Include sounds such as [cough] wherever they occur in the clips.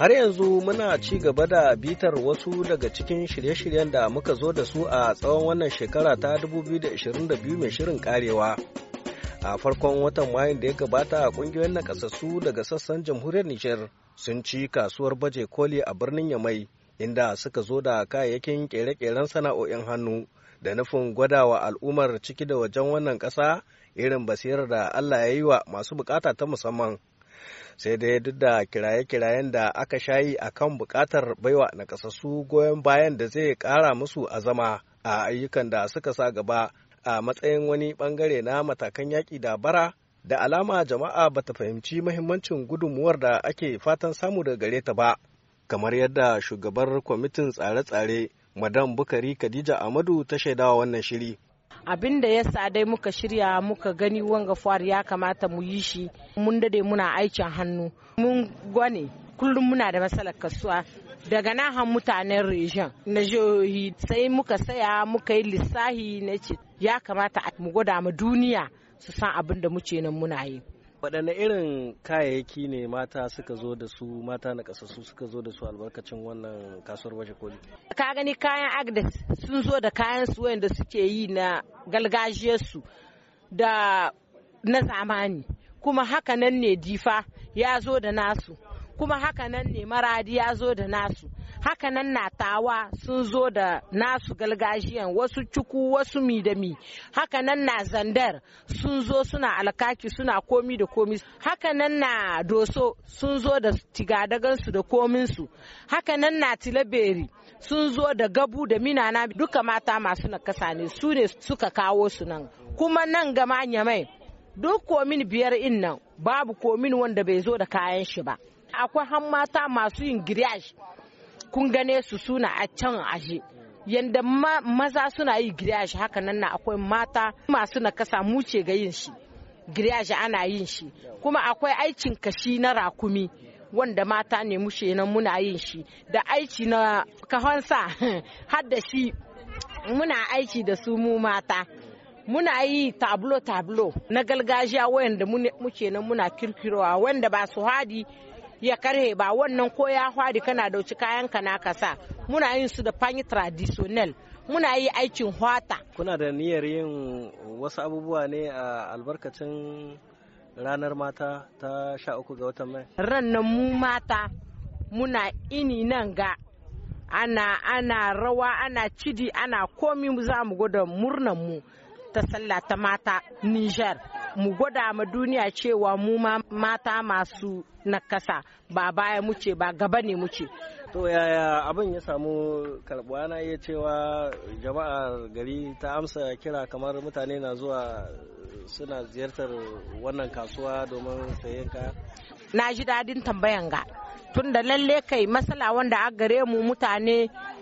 Har yanzu muna ci gaba da bitar wasu daga cikin shirye-shiryen da muka zo da su a tsawon wannan shekara ta 2022 mai shirin karewa. A farkon watan Mayun da ya gabata a kungiyoyin nakasassu daga sassan jamhuriyar Nijar sun ci kasuwar baje koli a birnin Yamai inda suka zo da kayayyakin kere-keren sana'o'in hannu da nufin gwadawa al'ummar ciki da wajen wannan ƙasa irin basirar da Allah ya yi wa masu bukata ta musamman. sai dai duk da kiraye-kirayen da aka shayi a kan bukatar baiwa na ƙasassu goyon bayan da zai ƙara musu azama a ayyukan da suka sa gaba a matsayin wani bangare na matakan yaƙi da bara da alama jama'a ba ta fahimci mahimmancin gudunmuwar da ake fatan samu daga gare ta ba kamar yadda shugabar kwamitin tsare-tsare madam bukari khadija amadu ta shaidawa wannan shiri abin da ya sa dai muka shirya muka gani wanga fuwar ya kamata mu yi shi mun dade muna aikin hannu mun gwane kullum muna da matsalar kasuwa daga nahan mutanen region na jihohi sai muka saya muka yi lissahi na ce ya kamata mu gwada ma duniya su san abin da muke nan muna yi waɗanne irin kayayyaki ne mata suka zo da su mata na ƙasassu suka zo da su albarkacin wannan kasuwar waje koli ka gani kayan agnes sun zo da kayan su wanda suke yi na galgajiyarsu da na zamani kuma haka nan ne difa ya zo da nasu kuma haka nan ne maradi ya zo da nasu Hakanan na tawa sun zo da nasu galgajiyan wasu cuku wasu mi da mi hakanan na zandar sun zo suna alkaki suna komi da komi hakanan na doso sun zo da tigadagansu da kominsu hakanan na tilaberi sun zo da gabu da minana duka mata masu nakasa ne su ne suka kawo su nan kuma nan gama nyamai duk komin biyar in nan babu komin wanda bai zo da kayan shi ba akwai han mata masu yin giriyash kun gane su suna a can aji yadda maza suna yi giriyashi haka nan na akwai mata masu nakasa mu ce ga yin shi giriyashi ana yin shi kuma akwai aikin kashi na rakumi wanda mata ne mushe nan muna yin shi da aiki na kahonsa [laughs] har da shi muna aiki da su mu mata muna yi tablo tablo na gargajiya wayanda muke nan muna kirkirowa wanda ba su hadi ya karhe ba wannan ko ya hwari kana dauci kayan ka na kasa muna yin su da fanyi traditional muna yi aikin hwata kuna da niyyar yin wasu abubuwa ne a albarkacin ranar mata ta sha uku ga watan mai Rannan mu mata muna ini nan ga ana ana rawa ana cidi ana komi za mu gwada murnan mu ta sallah ta mata Nijar. mu gwada ma duniya cewa mu ma mata masu nakasa ba baya muce ba gaba ne muce to yaya abin ya samu karbuwa na iya cewa jama'ar gari ta amsa kira kamar mutane na zuwa suna ziyartar wannan kasuwa domin sayen kaya na ji dadin tambayan ga tun da lalle kai matsala wanda a gare mu mutane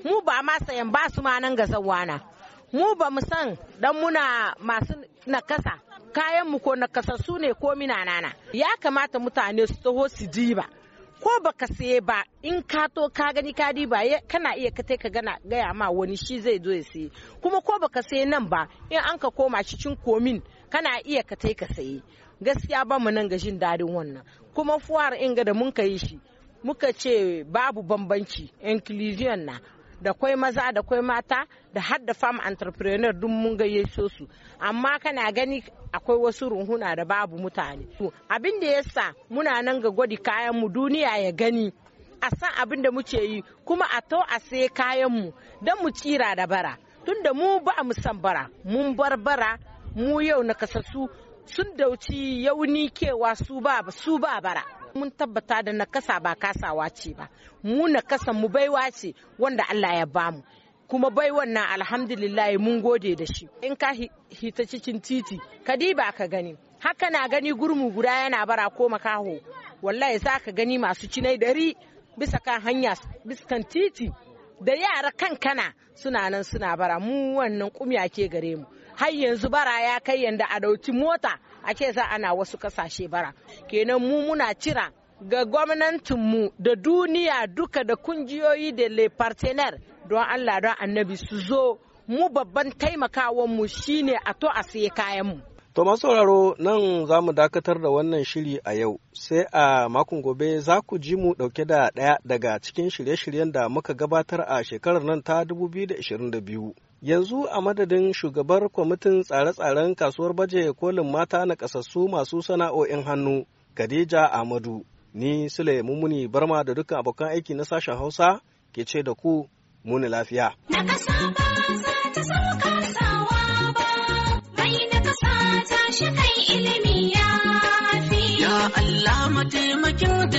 mu ba ma sayan ba su ma nan ga zawana mu ba mu san dan muna masu nakasa kayan mu ko su ne ko minanana ya kamata mutane su taho su diba ko baka saye ba in ka to ka gani ka diba kana iya ka ka gana gaya ma wani shi zai zo ya saye kuma ko baka saye nan ba in an ka koma shi cin komin kana iya ka ka saye gaskiya ba mu nan ga jin dadin wannan kuma fuwar inga da mun ka yi shi muka ce babu bambanci inclusion na da kwai maza da kwai mata da har da farm entrepreneur duk mun gayye su amma kana gani akwai wasu runhuna da babu mutane abin da yasa muna nan ga gwadi kayan mu duniya ya gani a san abin da muke yi kuma a to a sai kayan mu don mu tsira da bara tunda mu ba mu san bara mun bar bara mu yau na kasassu sun dauci yauni kewa su ba su ba bara mun tabbata da nakasa ba kasawa ce ba mu nakasa mu baiwa ce wanda Allah ya bamu kuma bai wannan alhamdulillah mun gode da shi in ka hita cikin titi ka diba ka gani haka na gani gurmu guda yana bara ko makaho wallahi za ka gani masu cinai dari bisa kan hanya bisa titi da yara kan kana suna nan suna bara mu wannan kumya ke gare mu har yanzu bara ya kai yanda a dauki mota a ce za ana wasu kasashe bara kenan mu muna cira ga gwamnatin mu da duniya duka da kungiyoyi da le partenaire don Allah don annabi su zo mu babban mu shine a to a saye kayanmu. To masu sauraro nan za mu dakatar da wannan shiri a yau sai a makon gobe za ku ji mu dauke da daya daga cikin shirye-shiryen da muka gabatar a shekarar nan ta 2022. Yanzu a madadin shugabar kwamitin tsare-tsaren kasuwar baje kolin mata na kasassu masu sana'o'in hannu, Khadija Ahmadu, ni Sule Mumuni Barma da dukkan abokan aiki na sashen Hausa ke ce da ku muni lafiya. Na ya Allah mataimakin